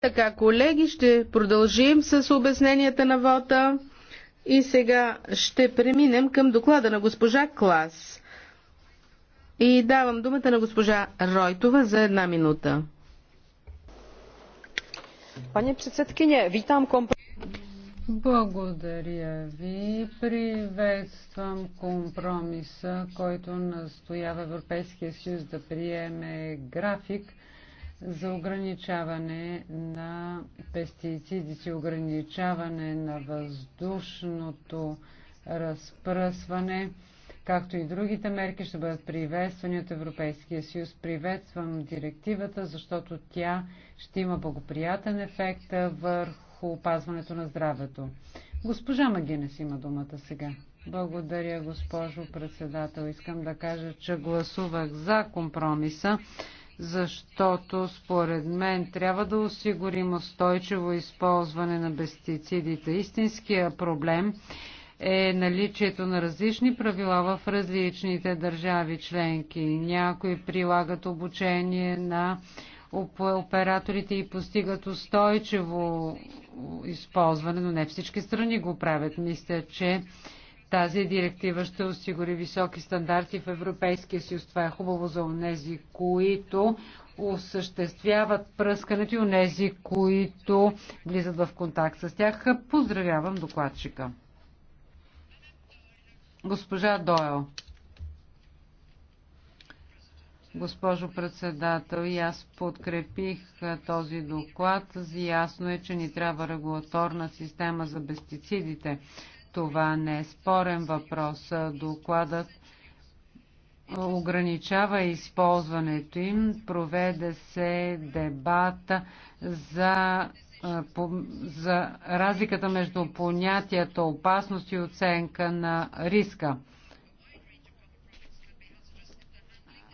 Така, колеги, ще продължим с обясненията на вота и сега ще преминем към доклада на госпожа Клас. И давам думата на госпожа Ройтова за една минута. Пане председкиня, витам компромис. Благодаря ви. Приветствам компромиса, който настоява Европейския съюз да приеме график – за ограничаване на пестицидите, ограничаване на въздушното разпръсване, както и другите мерки ще бъдат приветствани от Европейския съюз. Приветствам директивата, защото тя ще има благоприятен ефект върху опазването на здравето. Госпожа Магинес има думата сега. Благодаря, госпожо председател. Искам да кажа, че гласувах за компромиса защото според мен трябва да осигурим устойчиво използване на пестицидите. Истинския проблем е наличието на различни правила в различните държави членки. Някои прилагат обучение на операторите и постигат устойчиво използване, но не всички страни го правят. Мисля, че тази директива ще осигури високи стандарти в Европейския съюз. Това е хубаво за онези, които осъществяват пръскането и онези, които влизат в контакт с тях. Поздравявам докладчика. Госпожа Дойл. Госпожо председател, и аз подкрепих този доклад. Ясно е, че ни трябва регулаторна система за пестицидите. Това не е спорен въпрос. Докладът ограничава използването им. Проведе се дебата за, за разликата между понятията опасност и оценка на риска.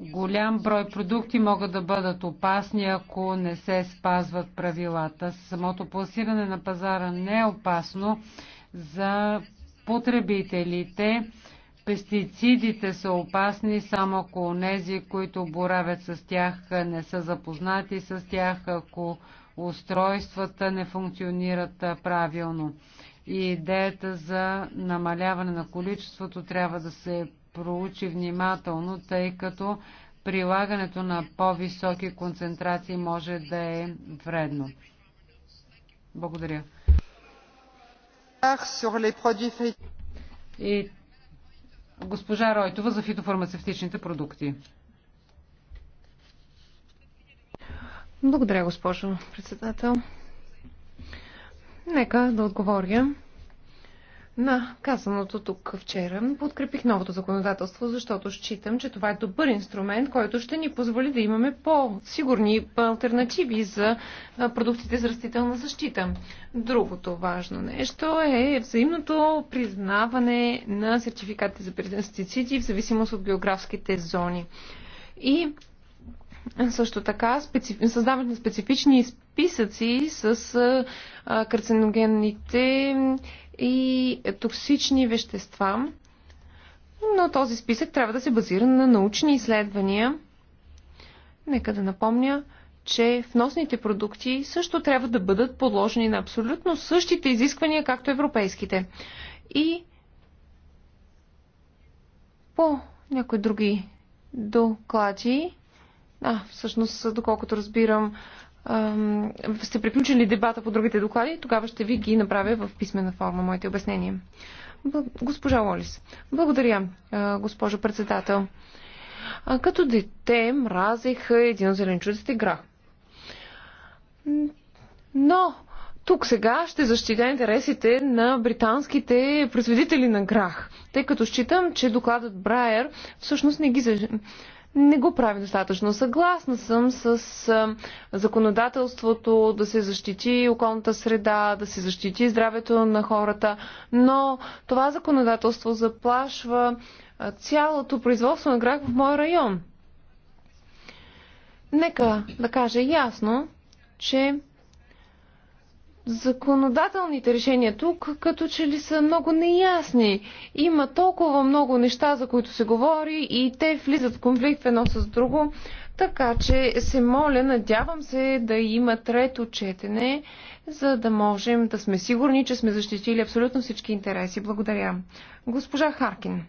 голям брой продукти могат да бъдат опасни, ако не се спазват правилата. Самото пласиране на пазара не е опасно, за потребителите. Пестицидите са опасни само ако нези, които боравят с тях, не са запознати с тях, ако устройствата не функционират правилно. И идеята за намаляване на количеството трябва да се проучи внимателно, тъй като прилагането на по-високи концентрации може да е вредно. Благодаря. И госпожа Ройтова за фитофармацевтичните продукти. Благодаря, госпожо председател. Нека да отговоря на казаното тук вчера. Подкрепих новото законодателство, защото считам, че това е добър инструмент, който ще ни позволи да имаме по-сигурни альтернативи за продуктите за растителна защита. Другото важно нещо е взаимното признаване на сертификатите за пестициди в зависимост от географските зони. И също така специф... създаването на специфични списъци с карциногенните и токсични вещества, но този списък трябва да се базира на научни изследвания. Нека да напомня, че вносните продукти също трябва да бъдат подложени на абсолютно същите изисквания, както европейските. И по някои други доклади, а, всъщност, доколкото разбирам, сте приключили дебата по другите доклади, тогава ще ви ги направя в писмена форма моите обяснения. Госпожа Лолис, благодаря, госпожо председател. Като дете мразех един от зеленчуците грах. Но тук сега ще защитя интересите на британските производители на грах, тъй като считам, че докладът Брайер всъщност не ги не го прави достатъчно. Съгласна съм с законодателството да се защити околната среда, да се защити здравето на хората, но това законодателство заплашва цялото производство на грах в моя район. Нека да кажа ясно, че законодателните решения тук като че ли са много неясни. Има толкова много неща, за които се говори и те влизат в конфликт едно с друго. Така че се моля, надявам се да има трето четене, за да можем да сме сигурни, че сме защитили абсолютно всички интереси. Благодаря. Госпожа Харкин.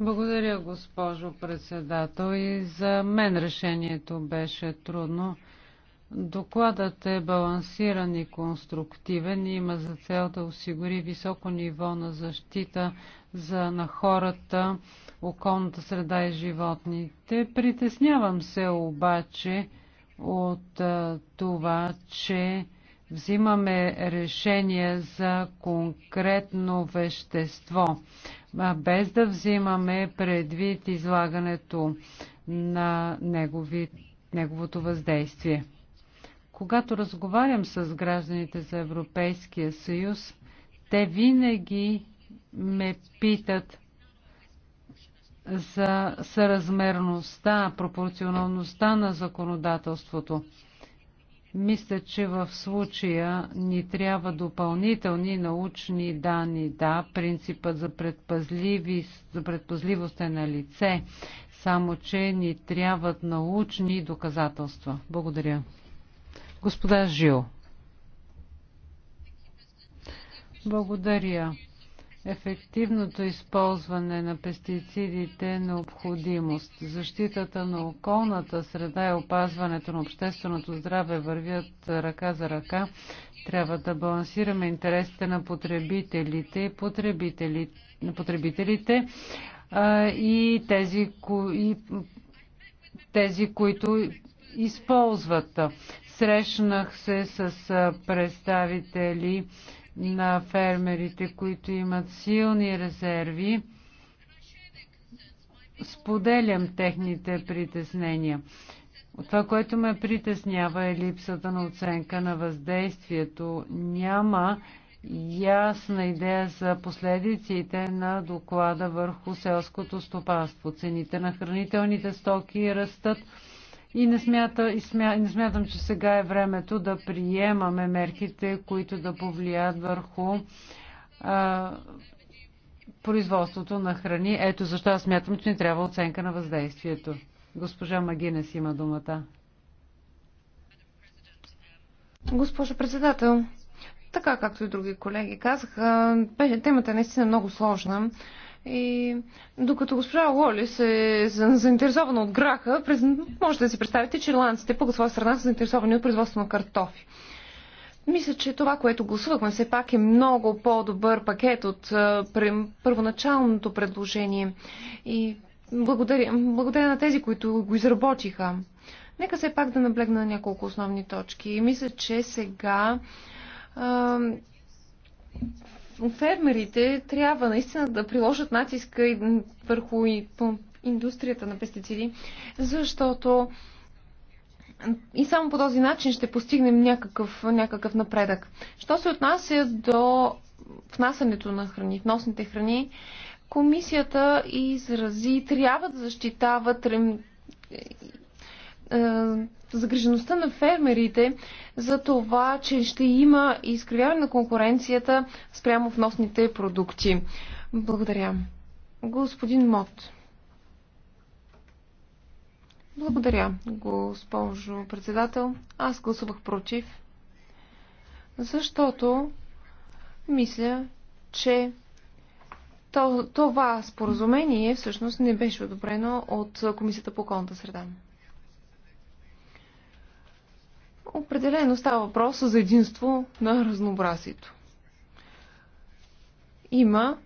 Благодаря, госпожо председател. И за мен решението беше трудно Докладът е балансиран и конструктивен и има за цел да осигури високо ниво на защита за, на хората, околната среда и животните. Притеснявам се обаче от а, това, че взимаме решение за конкретно вещество, без да взимаме предвид излагането на негови, неговото въздействие. Когато разговарям с гражданите за Европейския съюз, те винаги ме питат за съразмерността, пропорционалността на законодателството. Мисля, че в случая ни трябва допълнителни научни данни. Да, принципът за, за предпазливост е на лице, само че ни трябват научни доказателства. Благодаря. Господа Жил. Благодаря. Ефективното използване на пестицидите е необходимост. Защитата на околната среда и опазването на общественото здраве вървят ръка за ръка. Трябва да балансираме интересите на потребителите и потребители, потребителите а, и, тези, и тези, които използват. Срещнах се с представители на фермерите, които имат силни резерви. Споделям техните притеснения. това, което ме притеснява е липсата на оценка на въздействието. Няма ясна идея за последиците на доклада върху селското стопанство. Цените на хранителните стоки растат и не, смята, и, смя, и не смятам, че сега е времето да приемаме мерките, които да повлият върху а, производството на храни. Ето защо аз смятам, че не трябва оценка на въздействието. Госпожа Магинес има думата. Госпожо председател, така както и други колеги казаха, темата е наистина много сложна. И докато госпожа Лолис е заинтересована от граха, можете да си представите, че ирландците по своя страна са заинтересовани от производство на картофи. Мисля, че това, което гласувахме, все пак е много по-добър пакет от първоначалното предложение. И благодаря, благодаря на тези, които го изработиха. Нека все пак да наблегна на няколко основни точки. И мисля, че сега фермерите трябва наистина да приложат натиска и върху и индустрията на пестициди, защото и само по този начин ще постигнем някакъв, някакъв напредък. Що се отнася до внасянето на храни, вносните храни, комисията изрази трябва да защитава трем, е, е, загрижеността на фермерите за това, че ще има изкривяване на конкуренцията спрямо вносните продукти. Благодаря. Господин Мот. Благодаря, госпожо председател. Аз гласувах против, защото мисля, че това споразумение всъщност не беше одобрено от Комисията по околната среда определено става въпрос за единство на разнообразието. Има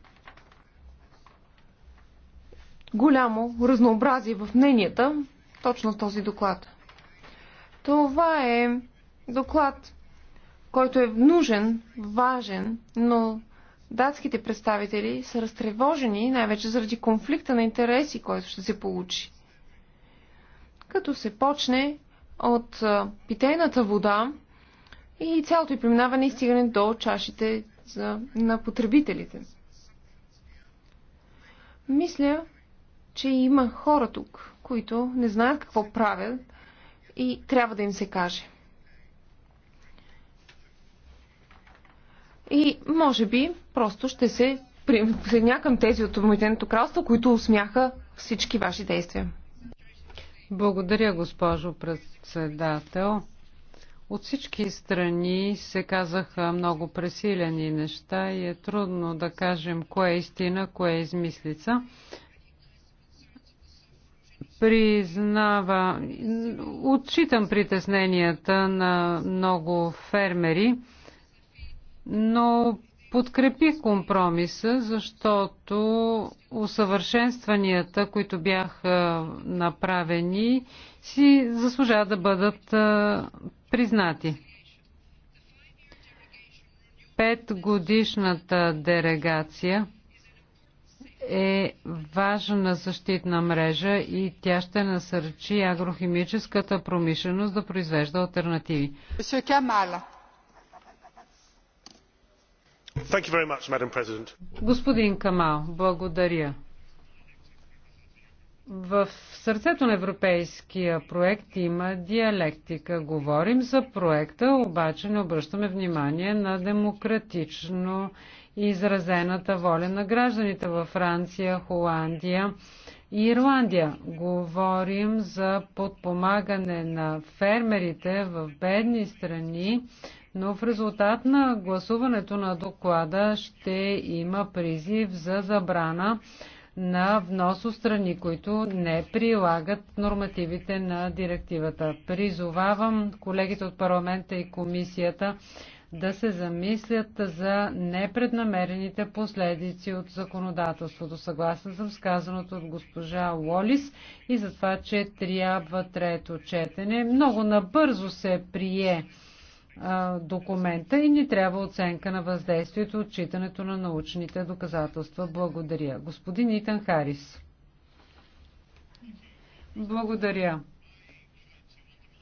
голямо разнообразие в мненията точно в този доклад. Това е доклад, който е нужен, важен, но датските представители са разтревожени най-вече заради конфликта на интереси, който ще се получи. Като се почне от питейната вода и цялото й преминаване и стигане до чашите за, на потребителите. Мисля, че има хора тук, които не знаят какво правят и трябва да им се каже. И може би просто ще се присъединя към тези от Обединеното кралство, които усмяха всички ваши действия. Благодаря, госпожо председател. От всички страни се казаха много пресилени неща и е трудно да кажем кое е истина, кое е измислица. Признава, отчитам притесненията на много фермери, но подкрепи компромиса, защото усъвършенстванията, които бяха направени, си заслужават да бъдат признати. Петгодишната дерегация е важна защитна мрежа и тя ще насърчи агрохимическата промишленост да произвежда альтернативи. Господин Камал, благодаря. В сърцето на европейския проект има диалектика. Говорим за проекта, обаче не обръщаме внимание на демократично изразената воля на гражданите във Франция, Холандия и Ирландия. Говорим за подпомагане на фермерите в бедни страни, но в резултат на гласуването на доклада ще има призив за забрана на внос от страни, които не прилагат нормативите на директивата. Призовавам колегите от парламента и комисията да се замислят за непреднамерените последици от законодателството. Съгласен съм с казаното от госпожа Лолис и за това, че трябва трето четене. Много набързо се прие документа и ни трябва оценка на въздействието, отчитането на научните доказателства. Благодаря. Господин Итан Харис. Благодаря.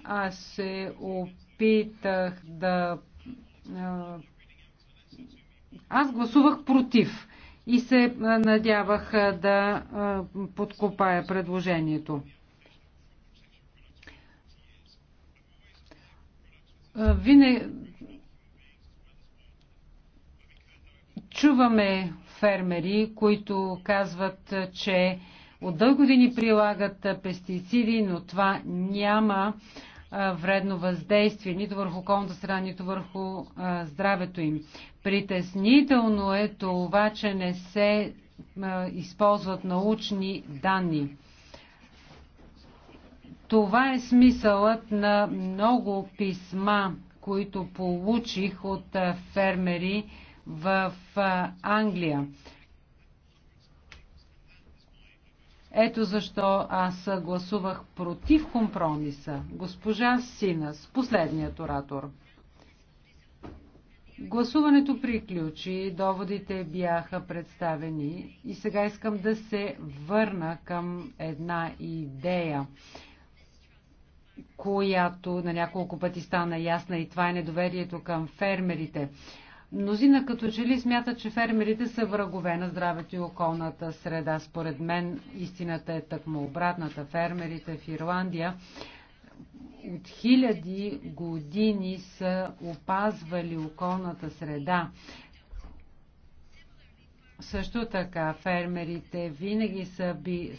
Аз се опитах да. Аз гласувах против и се надявах да подкопая предложението. Вине... чуваме фермери, които казват, че от дълго години прилагат пестициди, но това няма вредно въздействие нито върху околната среда, нито върху здравето им. Притеснително е това, че не се използват научни данни. Това е смисълът на много писма, които получих от фермери в Англия. Ето защо аз гласувах против компромиса. Госпожа Синас, последният оратор. Гласуването приключи, доводите бяха представени и сега искам да се върна към една идея която на няколко пъти стана ясна и това е недоверието към фермерите. Мнозина като че ли смятат, че фермерите са врагове на здравето и околната среда. Според мен истината е тъкмо обратната. Фермерите в Ирландия от хиляди години са опазвали околната среда. Също така фермерите винаги са, би,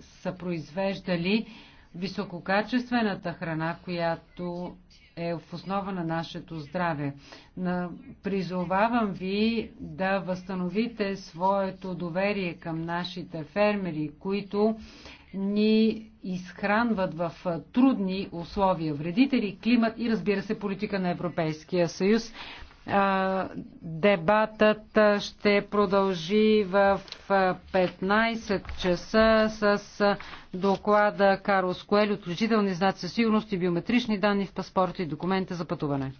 са произвеждали висококачествената храна, която е в основа на нашето здраве. Призовавам ви да възстановите своето доверие към нашите фермери, които ни изхранват в трудни условия. Вредители, климат и разбира се политика на Европейския съюз. Дебатът ще продължи в 15 часа с доклада Карлос Коель, отключителни знаци за сигурност и биометрични данни в паспорта и документа за пътуване.